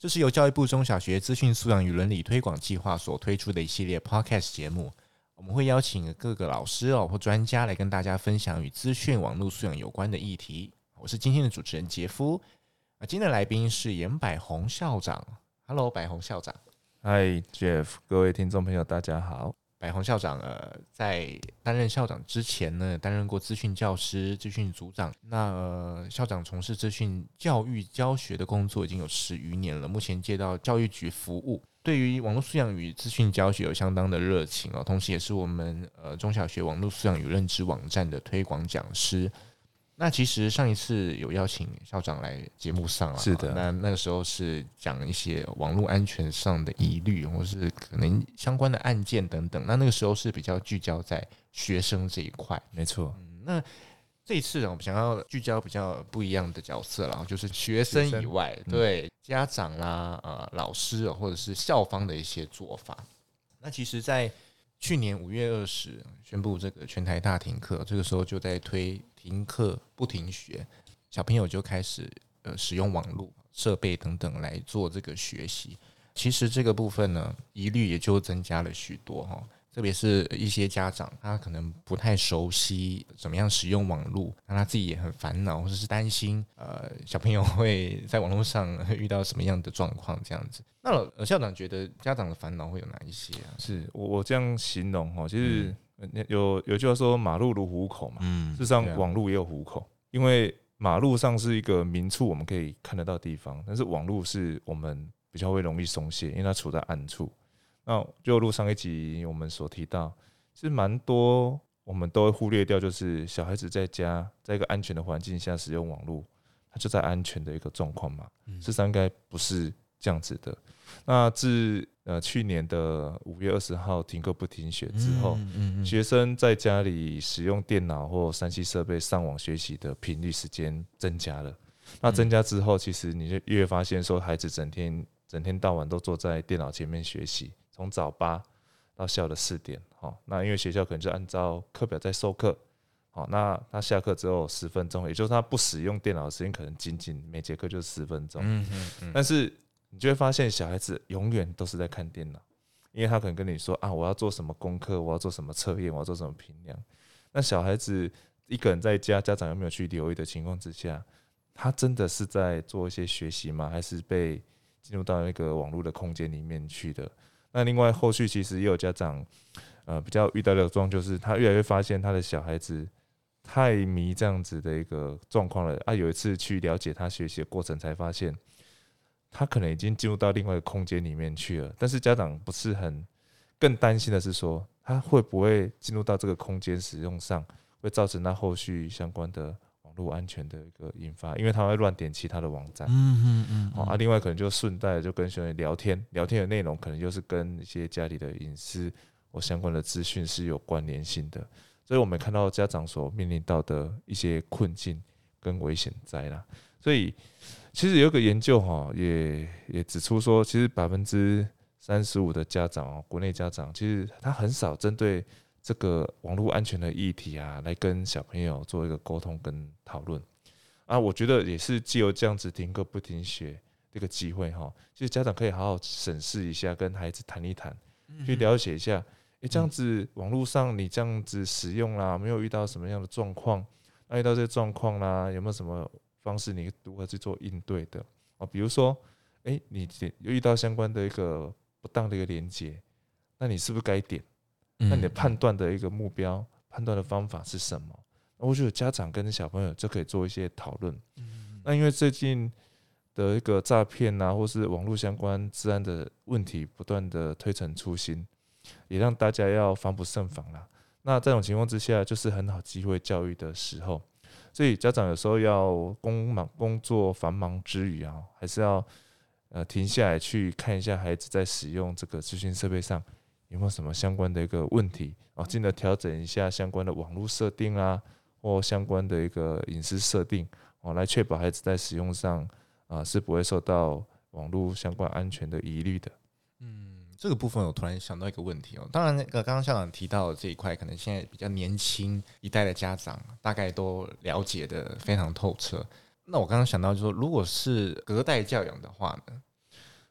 這是由教育部中小學資訊素養與倫理推廣計劃所推出的一系列 podcast 節目。我們會邀請各個老師哦或專家來跟大家分享與資訊網絡素養有關的議題。我是今天的主持人杰夫啊，今天的來賓是顏百鴻校長。Hello，百鴻校長。Hi，Jeff。各位聽眾朋友，大家好。百鴻校長，呃，在擔任校長之前呢，擔任過資訊教師、資訊組長。那，呃，校長從事資訊教育教學的工作已經有十餘年了，目前借到教育局服務。對於網絡素養與資訊教學有相當的熱情哦，同時也是我們呃中小學網絡素養與認知網站的推廣講師。那其實上一次有邀請校長來節目上了，是的。那那個時候是講一些網絡安全上的疑慮，或是可能相關的案件等等。那那個時候是比較聚焦在學生這一塊，沒錯、嗯。那這一次、啊、我們想要聚焦比較不一樣的角色，然後就是學生以外，對家長啦、啊、呃老師、啊、或者是校方的一些做法。那其實，在去年五月二十宣布這個全台大停課，這個時候就在推。停課不停學，小朋友就開始呃使用網絡設備等等來做這個學習。其實這個部分呢，疑慮也就增加了許多哈。特別是一些家長，他可能不太熟悉怎麼樣使用網絡，那他自己也很煩惱或者是擔心，呃，小朋友會在網絡上遇到什麼樣的狀況這樣子。那校長覺得家長的煩惱會有哪一些啊？是我我這樣形容哈，就是、嗯。那有有句話說馬路如虎口嘛，嗯，事實上網絡也有虎口，因為馬路上是一個明處，我們可以看得到的地方，但是網絡是我們比較會容易鬆懈，因為它處在暗處。那就如上一集我們所提到，其實蠻多我們都會忽略掉，就是小孩子在家在一個安全的環境下使用網絡，他就在安全的一個狀況嘛，事實上應該不是。這樣子的，那自呃去年的五月二十號停課不停學之後，嗯嗯，學生在家裡使用電腦或三 C 設備上網學習的頻率時間增加了。那增加之後，其實你就越發現說，孩子整天整天到晚都坐在電腦前面學習，從早八到下午的四點哦。那因為學校可能就按照課表在授課，哦，那他下課之後十分鐘，也就是他不使用電腦的時間，可能僅僅每節課就十分鐘，嗯嗯嗯。但是。你就會發現，小孩子永遠都是在看電腦，因為他可能跟你說啊，我要做什麼功課，我要做什麼測驗，我要做什麼評量。那小孩子一個人在家，家長有沒有去留意的情況之下，他真的是在做一些學習嗎？還是被進入到那個網絡的空間裡面去的？那另外後續其實也有家長呃比較遇到的狀況，就是他越來越發現他的小孩子太迷這樣子的一個狀況了啊。有一次去了解他學習的過程，才發現。他可能已經進入到另外一個空間裡面去了，但是家長不是很更擔心的是說，他會不會進入到這個空間使用上，會造成他後續相關的網絡安全的一個引發，因為他會亂點其他的網站，嗯，嗯嗯嗯，啊，另外可能就順帶就跟學生聊天，聊天的內容可能就是跟一些家裡的隱私或相關的資訊是有關聯性的，所以我們看到家長所面臨到的一些困境跟危險災難，所以。其實有一個研究哈，也也指出說，其實百分之三十五的家長，國內家長其實他很少針對這個網絡安全的議題啊，來跟小朋友做一個溝通跟討論啊。我覺得也是借由這樣子停課不停學這個機會哈，其實家長可以好好審視一下，跟孩子談一談，去了解一下，誒、欸，這樣子網絡上你這樣子使用啦，沒有遇到什麼樣的狀況？那遇到這些狀況啦，有沒有什麼？方式，你如何去做應對的哦、啊，比如說，哎、欸，你有遇到相關的一個不當的一個連接，那你是不是該點？那你的判斷的一個目標、判斷的方法是什麼？那我覺得家長跟小朋友就可以做一些討論。那因為最近的一個詐騙啊，或是網絡相關治安的問題，不斷的推陳出新，也讓大家要防不勝防啦。那這種情況之下，就是很好機會教育的時候。所以家長有時候要工忙、工作繁忙之餘啊，還是要呃停下來去看一下孩子在使用這個資訊設備上有沒有什麼相關的一個問題哦，進而調整一下相關的網絡設定啊，或相關的一個隱私設定哦、啊，來確保孩子在使用上啊是不會受到網絡相關安全的疑慮的。這個部分我突然想到一個問題哦、喔，當然那個剛剛校長提到的這一塊，可能現在比較年輕一代的家長大概都了解得非常透徹。那我剛剛想到就是說，如果是隔代教養的話呢，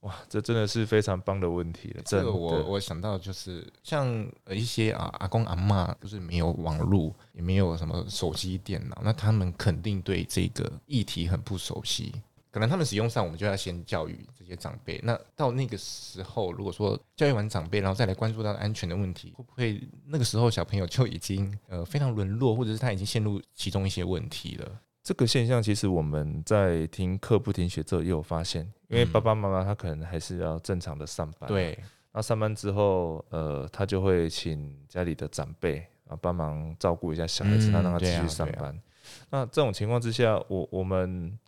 哇，這真的是非常棒的問題了。這個我我想到就是像一些啊阿公阿嬤，就是沒有網絡，也沒有什麼手機電腦，那他們肯定對這個議題很不熟悉。可能他們使用上，我們就要先教育這些長輩。那到那個時候，如果說教育完長輩，然後再來關注到安全的問題，會不會那個時候小朋友就已經呃非常淪落，或者是他已經陷入其中一些問題了？這個現象其實我們在聽課不停學之後也有發現，因為爸爸媽媽他可能還是要正常的上班，對、嗯。那上班之後，呃，他就會請家裡的長輩啊幫忙照顧一下小孩子，他、嗯、讓他繼續上班、嗯啊啊。那這種情況之下，我我們。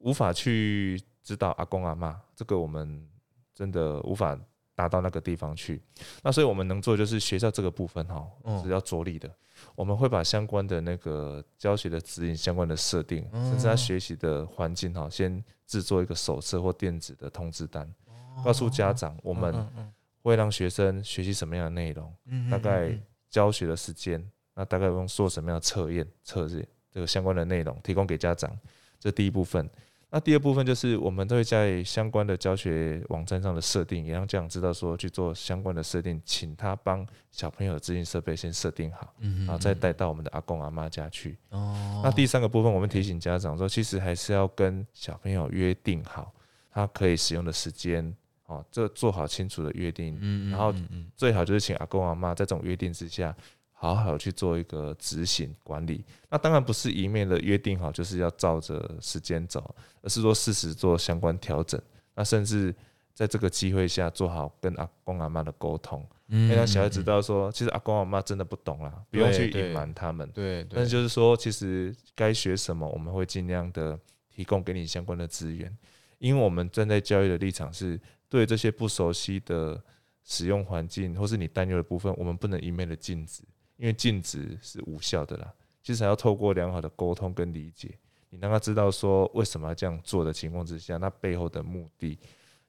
無法去指導阿公阿媽，這個我們真的無法達到那個地方去。那所以我們能做的就是學校這個部分哈，是要着力的。嗯、我們會把相關的那個教學的指引、相關的設定，甚至他學習的環境哈，先製作一個手冊或電子的通知單，告訴家長我們會讓學生學習什麼樣的內容，嗯嗯嗯嗯大概教學的時間，那大概用做什麼樣的測驗、測試這個相關的內容提供給家長。這第一部分。那第二部分就是，我們都會在相關的教學網站上的設定，也讓家長知道說去做相關的設定，請他幫小朋友的資訊設備先設定好，然後再帶到我們的阿公阿媽家去。那第三個部分，我們提醒家長說，其實還是要跟小朋友約定好，他可以使用的時間哦，這做好清楚的約定。然後最好就是請阿公阿媽在這種約定之下。好好去做一個執行管理，那當然不是一面的約定好就是要照着時間走，而是說適時做相關調整。那甚至在這個機會下做好跟阿公阿媽的溝通，讓小孩知道說其實阿公阿媽真的不懂啦，不用去隱瞞他們。對，但是就是說其實該學什麼，我們會盡量的提供給你相關的資源，因為我們站在教育的立場是，對這些不熟悉的使用環境或是你擔憂的部分，我們不能一面的禁止。因為禁止是無效的啦，其實還要透過良好的溝通跟理解，你讓他知道說為什麼要這樣做的情況之下，那背後的目的，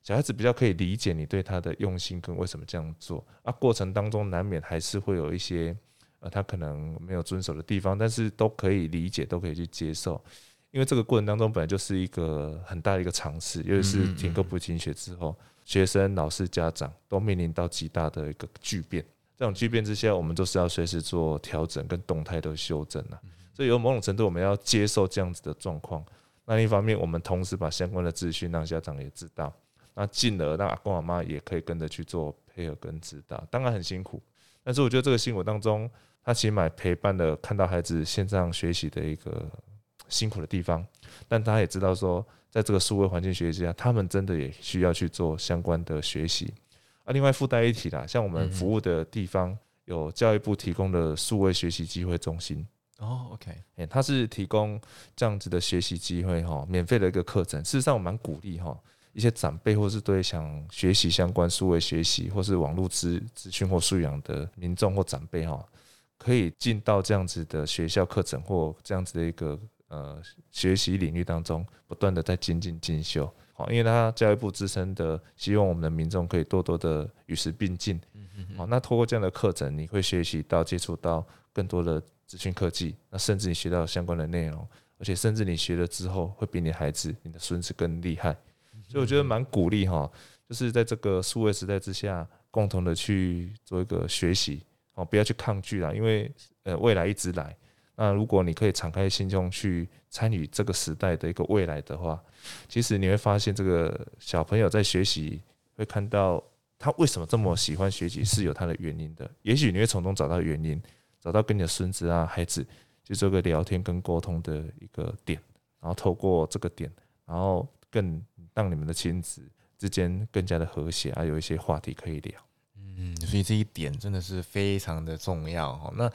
小孩子比較可以理解你對他的用心跟為什麼這樣做，啊，那過程當中難免還是會有一些呃，他可能沒有遵守的地方，但是都可以理解，都可以去接受。因為這個過程當中本來就是一個很大的一個嘗試，尤其是停課不停學之後，學生、老師、家長都面臨到極大的一個巨變。這種巨變之下，我們就是要隨時做調整跟動態的修正了。所以有某種程度，我們要接受這樣子的狀況。那一方面，我們同時把相關的資訊讓家長也知道，那進而讓阿公阿媽也可以跟着去做配合跟指導。當然很辛苦，但是我覺得這個辛苦當中，他起碼陪伴了看到孩子線上學習的一個辛苦的地方，但他也知道說，在這個數位環境學習下，他們真的也需要去做相關的學習。啊、另外附帶一提啦，像我們服務的地方有教育部提供的數位學習機會中心哦，OK，誒，它是提供這樣子的學習機會哈，免費的一個課程。事實上，我蠻鼓勵哈，一些長輩或是對想學習相關數位學習或是網絡資資訊或素養的民眾或長輩哈，可以進到這樣子的學校課程或這樣子的一個呃學習領域當中，不斷的在精進進修。好，因為他教育部自身的希望，我們的民眾可以多多的與時並進。嗯嗯。好，那通過這樣的課程，你會學習到、接觸到更多的資訊科技，那甚至你學到相關的內容，而且甚至你學了之後，會比你孩子，你的孫子更厲害。所以我覺得蠻鼓勵哈，就是在這個數位時代之下，共同的去做一個學習，哦，不要去抗拒啦，因為呃未來一直來。那如果你可以敞開心胸去參與這個時代的一個未來的話，其實你會發現，這個小朋友在學習，會看到他為什麼這麼喜歡學習是有他的原因的。也許你會從中找到原因，找到跟你的孫子啊、孩子去做個聊天跟溝通的一個點，然後透過這個點，然後更讓你們的親子之間更加的和諧，還有一些話題可以聊。嗯，所以這一點真的是非常的重要。那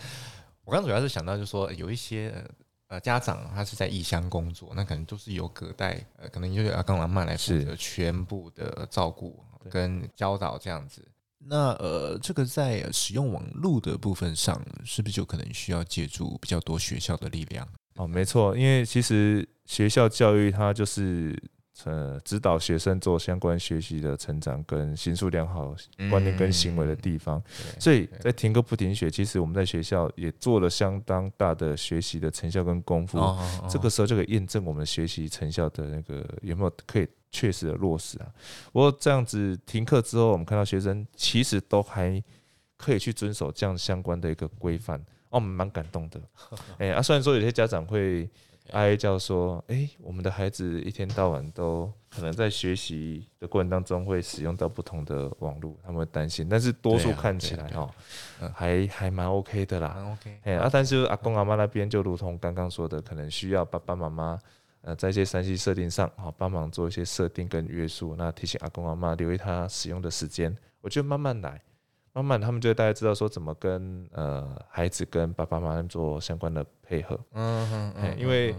我剛主要是想到，就是說有一些呃家長他是在異鄉工作，那可能都是有隔代呃，可能由阿公阿嬤來負責全部的照顧跟教導這樣子。那呃，這個在使用網絡的部分上，是不是就可能需要借助比較多學校的力量？哦，沒錯，因為其實學校教育它就是。呃，指導學生做相關學習的成長跟心術良好觀念跟行為的地方，所以在停課不停學，其實我們在學校也做了相當大的學習的成效跟功夫，這個時候就可以驗證我們學習成效的那個有沒有可以確實的落實啊。不過這樣子停課之後，我們看到學生其實都還可以去遵守這樣相關的一個規範，哦，蠻感動的、欸。哎啊，雖然說有些家長會。阿叫說：“哎、欸，我們的孩子一天到晚都可能在學習的過程當中會使用到不同的網絡，他們會擔心。但是多數看起來哦、啊，還還蠻 OK 的啦。哎、嗯 OK 欸，啊，但是，是阿公阿媽那邊就如同剛剛說的，可能需要爸爸媽媽呃，在一些三 C 設定上哦，幫忙做一些設定跟約束，那提醒阿公阿媽留意他使用的時間，我就慢慢來。”慢慢，他們就大概知道說怎麼跟呃孩子跟爸爸媽媽做相關的配合，嗯哼、嗯嗯，因為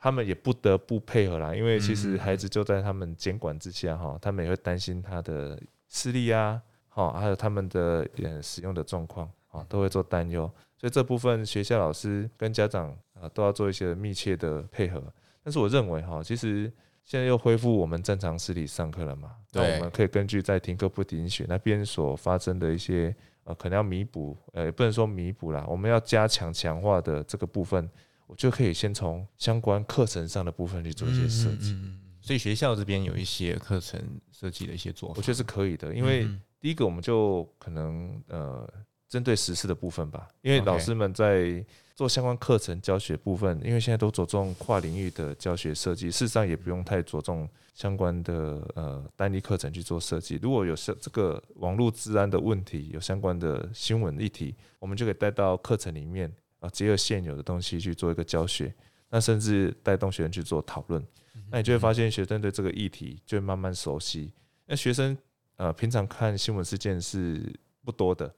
他們也不得不配合啦，嗯、因為其實孩子就在他們監管之下哈、嗯，他們也會擔心他的視力啊，哈，還有他們的呃使用的狀況啊，都會做擔憂，所以這部分學校老師跟家長啊都要做一些密切的配合，但是我認為哈，其實。現在又恢復我們正常實體上課了嘛？對，那我們可以根據在停課不停學那邊所發生的一些呃，可能要彌補呃，也不能說彌補啦。我們要加強強化的這個部分，我就可以先從相關課程上的部分去做一些設計，嗯嗯。所以學校這邊有一些課程設計的一些做法，我覺得是可以的。因為第一個，我們就可能呃。針對時事的部分吧，因為老師們在做相關課程教學部分，因為現在都着重跨領域的教學設計，事實上也不用太着重相關的呃單一課程去做設計。如果有這個網絡治安的問題，有相關的新聞議題，我們就可以帶到課程裡面啊，結合現有的東西去做一個教學，那甚至帶動學生去做討論。那你就會發現，學生對這個議題就會慢慢熟悉。那學生呃平常看新聞事件是不多的。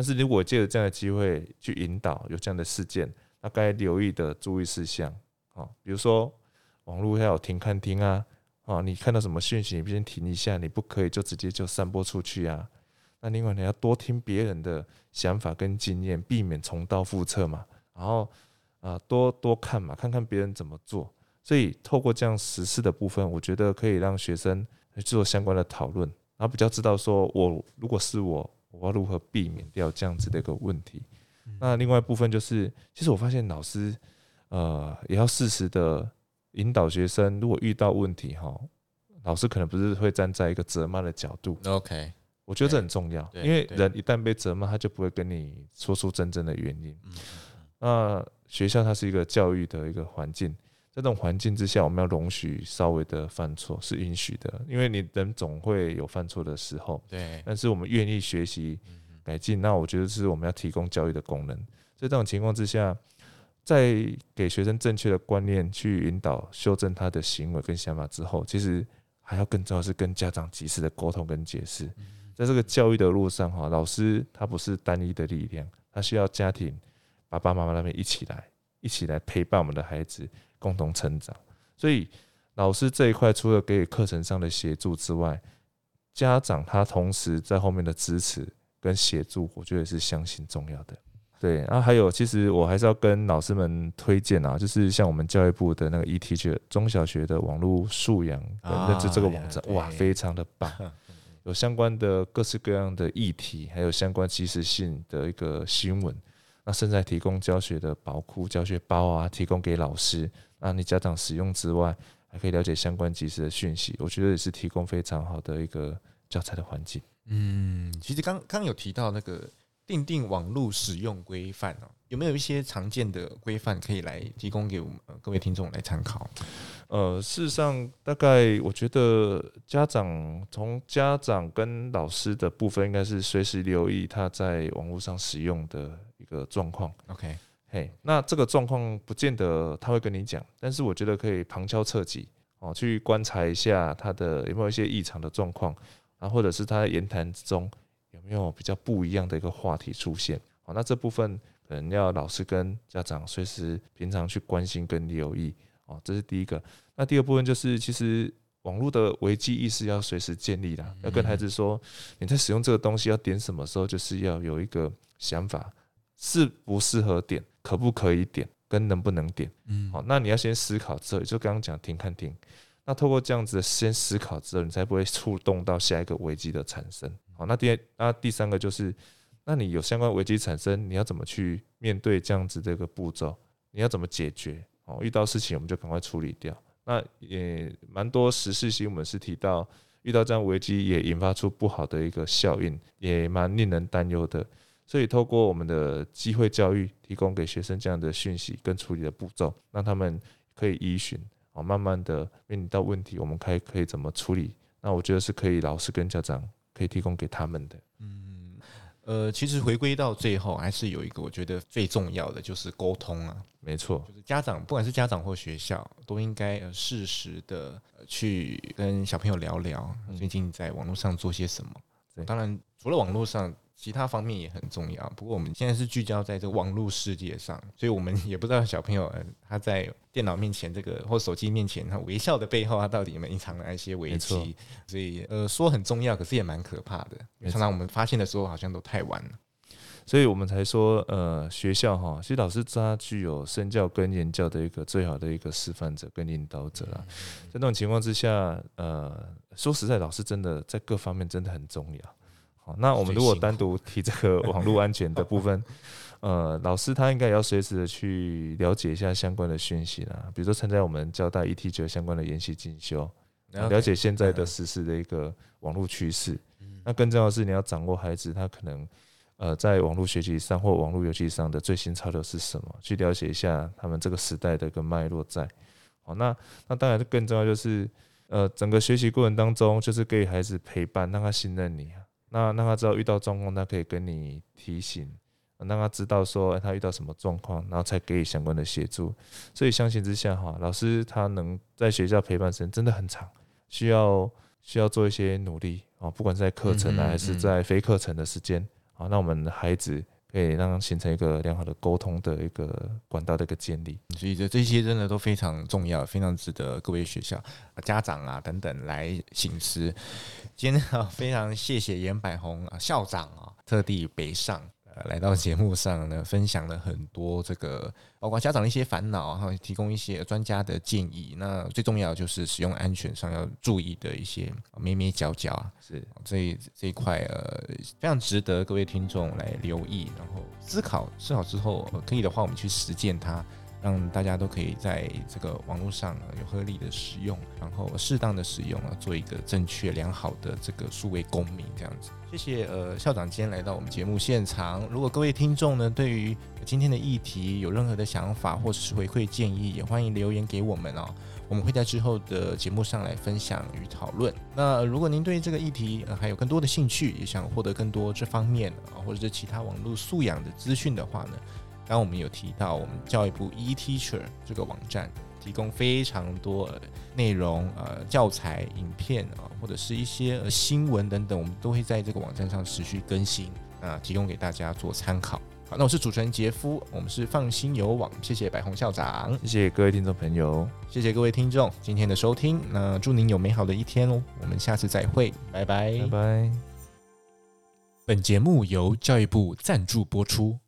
但是如果借着這樣的機會去引導有這樣的事件，那該留意的注意事項啊，比如說網絡要有停看聽啊，啊，你看到什麼訊息，你先停一下，你不可以就直接就散播出去啊。那另外你要多聽別人的想法跟經驗，避免重蹈覆轍嘛。然後啊，多多看嘛，看看別人怎麼做。所以透過這樣時事的部分，我覺得可以讓學生做相關的討論，然後比較知道說我如果是我。我要如何避免掉這樣子的一個問題？那另外一部分就是，其實我發現老師，呃，也要適時的引導學生。如果遇到問題，哈，老師可能不是會站在一個責罵的角度。OK，我覺得這很重要，因為人一旦被責罵，他就不會跟你說出真正的原因。那學校它是一個教育的一個環境。在這種環境之下，我們要容許稍微的犯錯是允許的，因為你人總會有犯錯的時候。對，但是我們願意學習改進，那我覺得是我們要提供教育的功能。在這種情況之下，在給學生正確的觀念去引導修正他的行為跟想法之後，其實還要更重要的是跟家長及時的溝通跟解釋。在這個教育的路上哈，老師他不是單一的力量，他需要家庭爸爸媽媽那邊一起來。一起來陪伴我們的孩子共同成長，所以老師這一塊除了給予課程上的協助之外，家長他同時在後面的支持跟協助，我覺得也是相當重要的。對，然後、啊、還有其實我還是要跟老師們推薦啊，就是像我們教育部的那個 eTeacher 中小學的網絡素養、啊、認知這個網站對，對對，哇，非常的棒，有相關的各式各樣的議題，還有相關即時性的一個新聞。那現在提供教學的寶庫教學包啊，提供給老師讓你家長使用之外，還可以了解相關及時的訊息，我覺得也是提供非常好的一個教材的環境。嗯，其實剛剛有提到那個訂定網絡使用規範哦，有沒有一些常見的規範可以來提供給我們、呃、各位聽眾來參考？呃，事實上，大概我覺得家長從家長跟老師的部分，應該是隨時留意他在網絡上使用的一個狀況。OK，嘿，那這個狀況不見得他會跟你講，但是我覺得可以旁敲側擊哦，去觀察一下他的有沒有一些異常的狀況，然後啊，或者是他的言談之中有沒有比較不一樣的一個話題出現。哦，那這部分可能要老師跟家長隨時平常去關心跟留意。哦，這是第一個。那第二部分就是，其實網絡的危機意識要隨時建立啦，要跟孩子說，你在使用這個東西要點什麼時候，就是要有一個想法，適不適合點，可不可以點，跟能不能點。嗯，好，那你要先思考之後，就剛剛講停看聽。那透過這樣子的先思考之後，你才不會觸動到下一個危機的產生。好，那第二那第三個就是，那你有相關危機產生，你要怎麼去面對這樣子這個步驟？你要怎麼解決？遇到事情我們就趕快處理掉。那也蠻多時事新聞是提到，遇到這樣危機也引發出不好的一個效應，也蠻令人擔憂的。所以透過我們的機會教育，提供給學生這樣的訊息跟處理的步驟，讓他們可以依循。哦，慢慢的面臨到問題，我們可以可以怎麼處理？那我覺得是可以老師跟家長可以提供給他們的。嗯。呃，其實回歸到最後，還是有一個我覺得最重要的，就是溝通啊。嗯，沒錯，就是家長，不管是家長或學校，都應該，呃，適時的，呃，去跟小朋友聊聊，嗯，最近在網絡上做些什麼。嗯，當然，除了網絡上。其他方面也很重要，不過我們現在是聚焦在這網路世界上，所以我們也不知道小朋友他在電腦面前這個或手機面前他微笑的背後，他到底有沒有隱藏哪一些危機。所以呃，說很重要，可是也蠻可怕的。常常我們發現的時候，好像都太晚了，所以我們才說呃，學校哈，其實老師他具有身教跟言教的一個最好的一個示範者跟領導者啊，在那種情況之下，呃，說實在，老師真的在各方面真的很重要。那我們如果單獨提這個網絡安全的部分，呃，老師他應該也要隨時的去了解一下相關的訊息啦，比如說參加我們交大 eTeacher 相關的研習進修，了解現在的實時的一個網絡趨勢。那更重要的是你要掌握孩子他可能呃在網絡學習上或網絡遊戲上的最新潮流是什麼，去了解一下他們這個時代的一個脈絡在。好、哦，那那當然更重要就是呃整個學習過程當中，就是給孩子陪伴，讓他信任你。那讓他知道遇到狀況，他可以跟你提醒，讓他知道說他遇到什麼狀況，然後才給予相關的協助。所以，相形之下哈，老師他能在學校陪伴時間真的很長，需要需要做一些努力啊，不管在課程呢，還是在非課程的時間，啊，那我們的孩子可以讓形成一個良好的溝通的一個管道的一個建立。所以，這這些真的都非常重要，非常值得各位學校家長啊等等來省思。今天非常謝謝顏百鴻校長啊，特地北上呃來到節目上呢、嗯，分享了很多這個包括家長的一些煩惱，然後提供一些專家的建議。那最重要的就是使用安全上要注意的一些眉眉角角啊，是這這一塊呃非常值得各位聽眾來留意，然後思考思考之後，可以的話我們去實踐它。讓大家都可以在這個網絡上有合理的使用，然後適當的使用啊，做一個正確良好的這個數位公民這樣子。謝謝呃校長今天來到我們節目現場。如果各位聽眾呢對於今天的議題有任何的想法或者是回饋建議，也歡迎留言給我們哦，我們會在之後的節目上來分享與討論。那如果您對這個議題還有更多的興趣，也想獲得更多這方面啊或者是其他網絡素養的資訊的話呢，剛剛我們有提到，我們教育部 eTeacher 這個網站提供非常多內容，呃，教材、影片啊，或者是一些、呃、新聞等等，我們都會在這個網站上持續更新，啊、呃，提供給大家做參考。好，那我是主持人杰夫，我們是放心遊網，謝謝百鴻校長，謝謝各位聽眾朋友，謝謝各位聽眾今天的收聽，那祝您有美好的一天哦，我們下次再會，拜拜，拜拜。本節目由教育部贊助播出。